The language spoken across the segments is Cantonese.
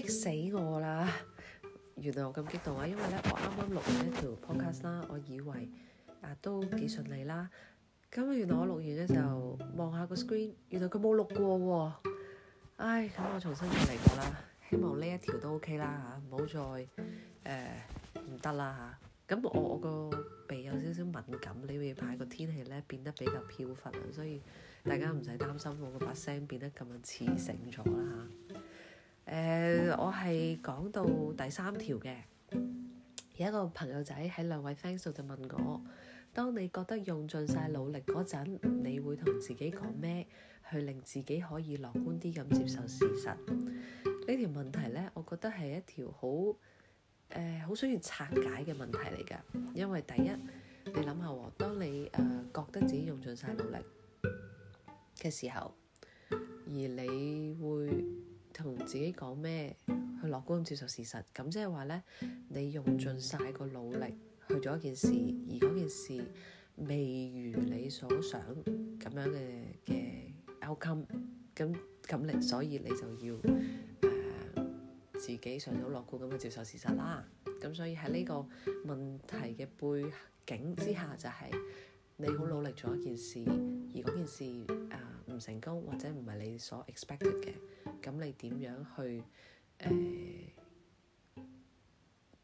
激死我啦！原來我咁激動啊，因為咧我啱啱錄完一條 podcast 啦，我以為啊都幾順利啦。咁原來我錄完咧就望下個 screen，原來佢冇錄過喎。唉，咁我重新再嚟過啦。希望呢一條都 OK 啦嚇，唔好再誒唔得啦嚇。咁、呃啊、我我個鼻有少少敏感，你會怕個天氣咧變得比較飄忽，所以大家唔使擔心我個把聲變得咁樣刺醒咗啦嚇。啊誒，uh, Sorry. 我係講到第三條嘅，有一個朋友仔喺兩位 fans 度就問我：「當你覺得用盡晒努力嗰陣，你會同自己講咩，去令自己可以樂觀啲咁接受事實？呢條問題呢，我覺得係一條好誒，好需要拆解嘅問題嚟㗎。因為第一，你諗下喎，當你誒、uh, 覺得自己用盡晒努力嘅時候，而你會。同自己講咩去樂觀咁接受事實，咁即係話呢，你用盡晒個努力去做一件事，而嗰件事未如你所想咁樣嘅嘅 outcome，咁咁你所以你就要、呃、自己上到樂觀咁去接受事實啦。咁所以喺呢個問題嘅背景之下、就係，就係。你好努力做一件事，而嗰件事啊唔成功，或者唔係你所 expected 嘅，咁你點樣去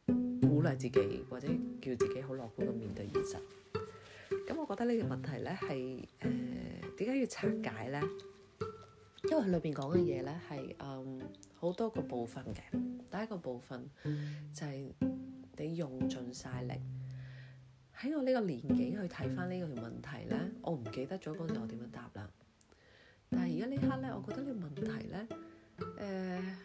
誒鼓勵自己，或者叫自己好樂觀咁面對現實，咁我覺得呢個問題咧係誒點解要拆解咧？嗯、因為佢裏邊講嘅嘢咧係誒好多個部分嘅，第一個部分就係你用盡晒力。喺我呢個年紀去睇翻呢個問題呢，我唔記得咗嗰陣我點樣答啦。但係而家呢刻呢，我覺得呢個問題呢，誒、呃、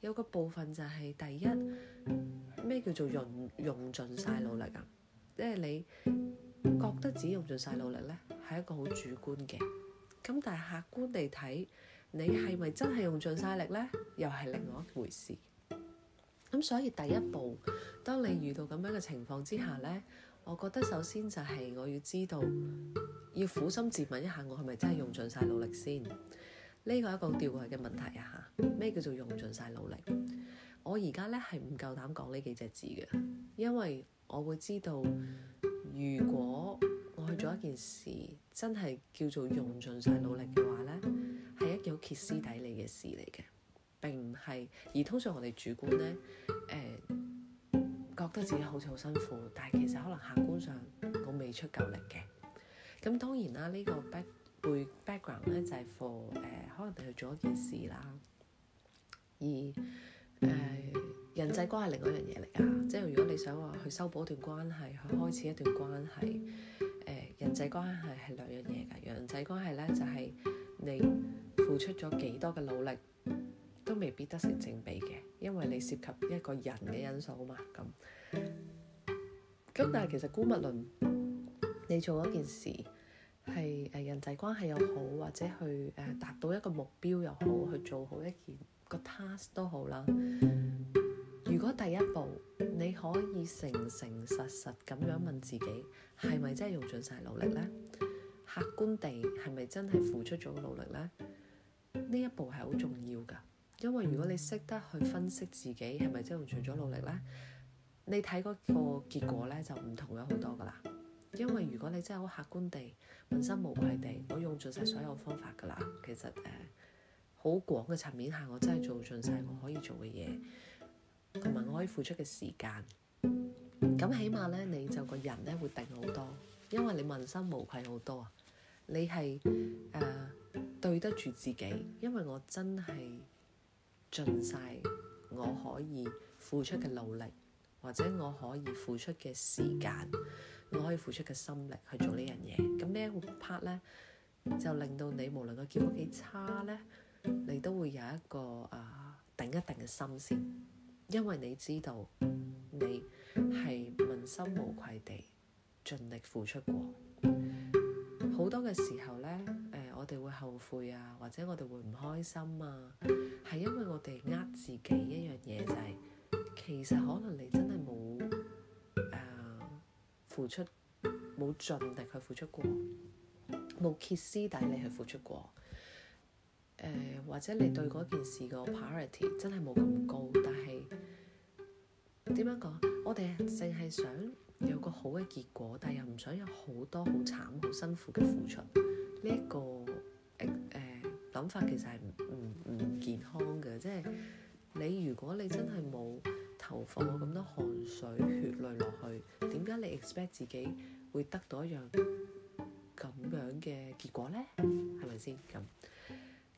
有個部分就係第一咩叫做用用盡晒努力㗎？即係你覺得自己用盡晒努力呢係一個好主觀嘅。咁但係客觀地睇，你係咪真係用盡晒力呢？又係另外一回事。咁所以第一步，當你遇到咁樣嘅情況之下呢。我覺得首先就係我要知道，要苦心自問一下，我係咪真係用盡晒努力先？呢個係一個調過去嘅問題啊！吓，咩叫做用盡晒努力？我而家咧係唔夠膽講呢幾隻字嘅，因為我會知道，如果我去做一件事，真係叫做用盡晒努力嘅話咧，係一件好歇斯底里嘅事嚟嘅，並唔係。而通常我哋主觀咧，誒、呃。覺得自己好似好辛苦，但係其實可能客觀上我未出夠力嘅。咁當然啦，呢、這個 back 背 background 咧就係 for 誒、呃，可能你去做一件事啦。而誒、呃、人際關係另外一樣嘢嚟㗎，嗯、即係如果你想話去修補一段關係，去開始一段關係，誒人際關係係兩樣嘢㗎。人際關係咧就係、是、你付出咗幾多嘅努力。都未必得成正比嘅，因為你涉及一個人嘅因素嘛。咁咁，嗯、但係其實無論，你做一件事係誒人際關係又好，或者去誒達、呃、到一個目標又好，去做好一件個 task 都好啦。如果第一步你可以誠誠實實咁樣問自己，係咪真係用盡晒努力咧？客觀地係咪真係付出咗努力咧？呢一步係好重要㗎。因為如果你識得去分析自己係咪真係用盡咗努力呢，你睇嗰個結果呢就唔同咗好多噶啦。因為如果你真係好客觀地、問心無愧地，我用盡晒所有方法噶啦。其實誒好廣嘅層面下，我真係做盡晒我可以做嘅嘢，同埋我可以付出嘅時間。咁起碼呢，你就個人呢會定好多，因為你問心無愧好多啊。你係誒、呃、對得住自己，因為我真係。盡晒我可以付出嘅努力，或者我可以付出嘅時間，我可以付出嘅心力去做呢樣嘢。咁呢一 part 咧，就令到你無論個結果幾差咧，你都會有一個啊頂、呃、一定嘅心先，因為你知道你係問心無愧地盡力付出過。好多嘅時候咧。我哋會後悔啊，或者我哋會唔開心啊，係因為我哋呃自己一樣嘢，就係、是、其實可能你真係冇誒付出冇盡力去付出過冇歇斯底里去付出過誒、呃、或者你對件事個 priority 真係冇咁高，但係點樣講，我哋淨係想有個好嘅結果，但係又唔想有好多好慘好辛苦嘅付出呢一、這個。誒諗、欸、法其實係唔唔健康嘅，即係你如果你真係冇投放咁多汗水血淚落去，點解你 expect 自己會得到一樣咁樣嘅結果呢？係咪先咁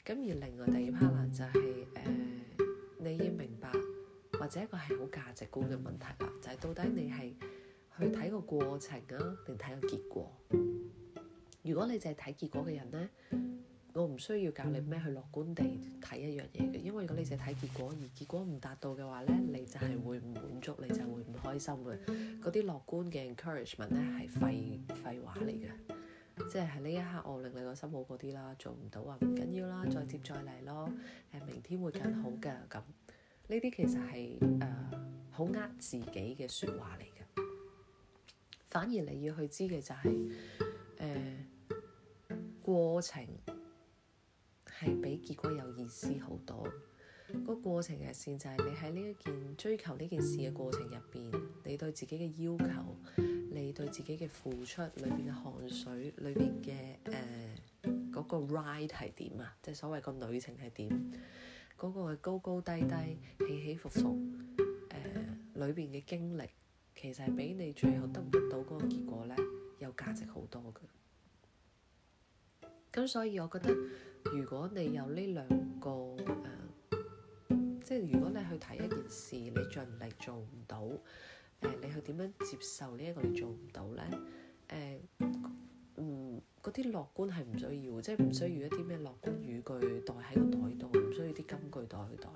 咁？而另外第二 part 就係、是、誒、呃，你要明白或者一個係好價值觀嘅問題啦，就係、是、到底你係去睇個過程啊，定睇個結果？如果你淨係睇結果嘅人呢。我唔需要教你咩去樂觀地睇一樣嘢嘅，因為如果你淨係睇結果，而結果唔達到嘅話咧，你就係會唔滿足，你就會唔開心嘅。嗰啲樂觀嘅 encouragement 咧係廢廢話嚟嘅，即係喺呢一刻我令你個心好嗰啲啦，做唔到呀，唔緊要啦，再接再嚟咯。誒，明天會更好嘅咁，呢啲其實係誒好呃自己嘅説話嚟嘅。反而你要去知嘅就係誒過程。係比結果有意思好多。嗰個過程嘅線就係你喺呢一件追求呢件事嘅過程入邊，你對自己嘅要求，你對自己嘅付出裏邊嘅汗水，裏邊嘅誒嗰個 right 係點啊？即係所謂個旅程係點？嗰、嗰個係高高低低、起起伏伏誒，裏邊嘅經歷其實係比你最後得唔到嗰個結果咧，有價值好多嘅。咁所以，我覺得。如果你有呢兩個、呃、即係如果你去睇一件事，你盡力做唔到、呃，你去點樣接受呢、這、一個你做唔到呢？嗰、呃、啲、嗯、樂觀係唔需要，即係唔需要一啲咩樂觀語句袋喺個袋度，唔需要啲金句袋去袋。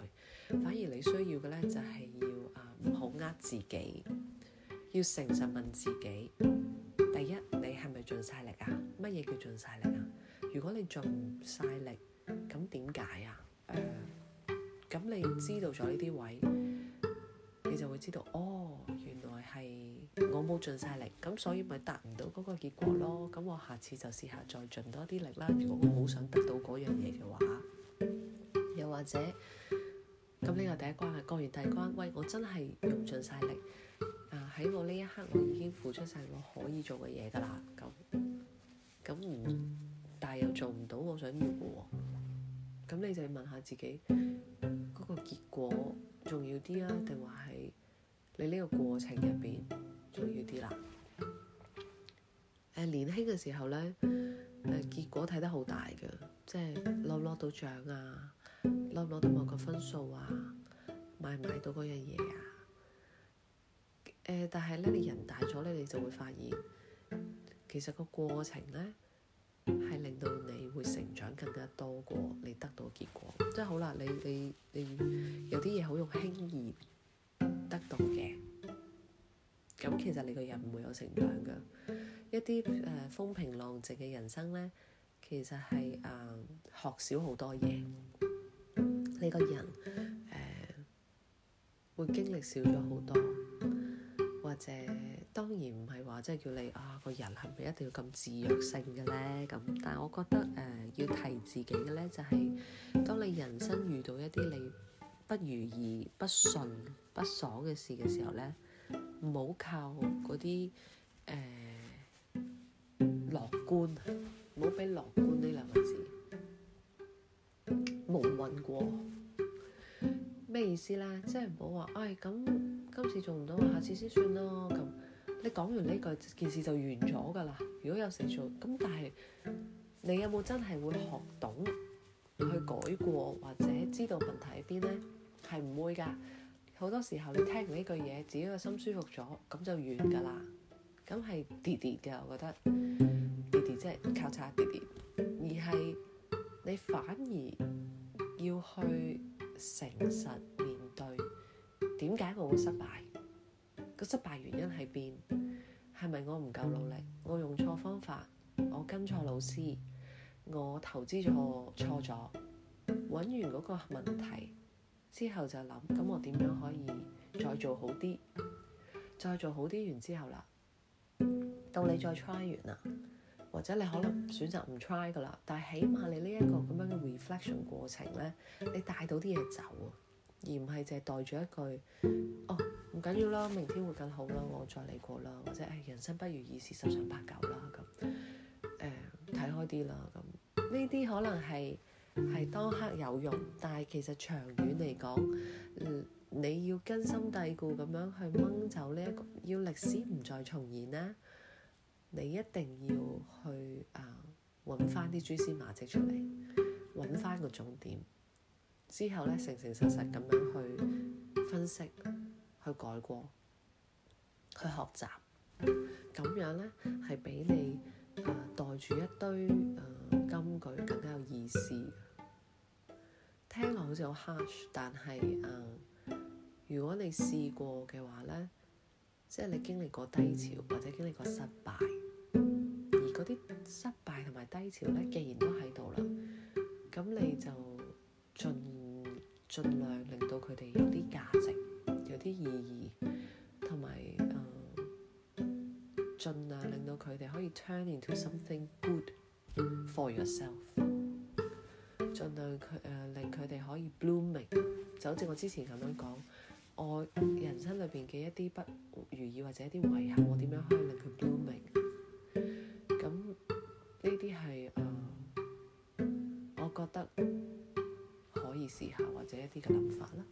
反而你需要嘅呢，就、呃、係要啊，唔好呃自己，要誠實問自己，第一，你係咪盡晒力啊？乜嘢叫盡晒力啊？如果你盡晒力，咁點解啊？誒、呃，咁你知道咗呢啲位，你就會知道哦，原來係我冇盡晒力，咁所以咪達唔到嗰個結果咯。咁我下次就試下再盡多啲力啦。如果我好想得到嗰樣嘢嘅話，又或者咁呢個第一關啊，過完第一關，喂，我真係用盡晒力喺、呃、我呢一刻，我已經付出晒我可以做嘅嘢㗎啦。咁咁唔～但又做唔到我想要嘅喎、啊，咁你就要問下自己嗰、那個結果重要啲啊，定話係你呢個過程入邊重要啲啦、啊？誒、啊，年輕嘅時候咧，誒、啊、結果睇得好大嘅，即係攞唔攞到獎啊，攞唔攞到某個分數啊，買唔買到嗰樣嘢啊？誒、啊，但係咧你人大咗咧，你就會發現其實個過程咧係。成長更加多過你得到結果，即係好啦！你你你有啲嘢好用輕易得到嘅，咁其實你個人唔會有成長㗎。一啲誒、呃、風平浪靜嘅人生咧，其實係誒、呃、學少好多嘢，你個人誒、呃、會經歷少咗好多。或者當然唔係話，即係叫你啊，個人係咪一定要咁自虐性嘅咧？咁但係我覺得誒、呃、要提自己嘅咧，就係、是、當你人生遇到一啲你不如意、不順、不順、不爽嘅事嘅時候咧，唔好靠嗰啲誒樂觀，唔好俾樂觀呢兩個字冇運過。咩意思咧？即係唔好話唉，咁、哎。今次做唔到，下次先算咯。咁你講完呢句，件事就完咗噶啦。如果有事做，咁但係你有冇真係會學懂去改過，或者知道問題喺邊呢？係唔會噶。好多時候你聽完呢句嘢，自己個心舒服咗，咁就完噶啦。咁係跌跌嘅，我覺得跌跌即係交叉跌跌。而係你反而要去誠實面對。點解我會失敗？個失敗原因係邊？係咪我唔夠努力？我用錯方法？我跟錯老師？我投資錯錯咗？搵完嗰個問題之後就諗，咁我點樣可以再做好啲？再做好啲完之後啦，到你再 try 完啦，或者你可能選擇唔 try 噶啦。但係起碼你呢一個咁樣嘅 reflection 過程咧，你帶到啲嘢走。而唔係淨係代住一句，哦，唔緊要啦，明天會更好啦，我再嚟過啦，或者誒、哎、人生不如意事十常八九啦咁，誒睇、呃、開啲啦咁，呢啲可能係係當刻有用，但係其實長遠嚟講、呃，你要根深蒂固咁樣去掹走呢、這、一個，要歷史唔再重現啦，你一定要去啊搵返啲蛛絲馬跡出嚟，搵返個重點。之後咧，誠誠實實咁樣去分析、去改過、去學習，咁樣咧係比你袋住、呃、一堆、呃、金句更加有意思。聽落好似好 harsh，但係誒、呃，如果你試過嘅話咧，即係你經歷過低潮或者經歷過失敗，而嗰啲失敗同埋低潮咧，既然都喺度啦，咁你就盡。盡量令到佢哋有啲價值，有啲意義，同埋誒，盡量令到佢哋可以 turn into something good for yourself。盡量佢誒令佢哋可以 blooming。就好似我之前咁樣講，我人生裏邊嘅一啲不如意或者一啲遺憾，我點樣可以令佢 blooming？咁呢啲係，呃，我覺得。試下或者一啲嘅諗法啦。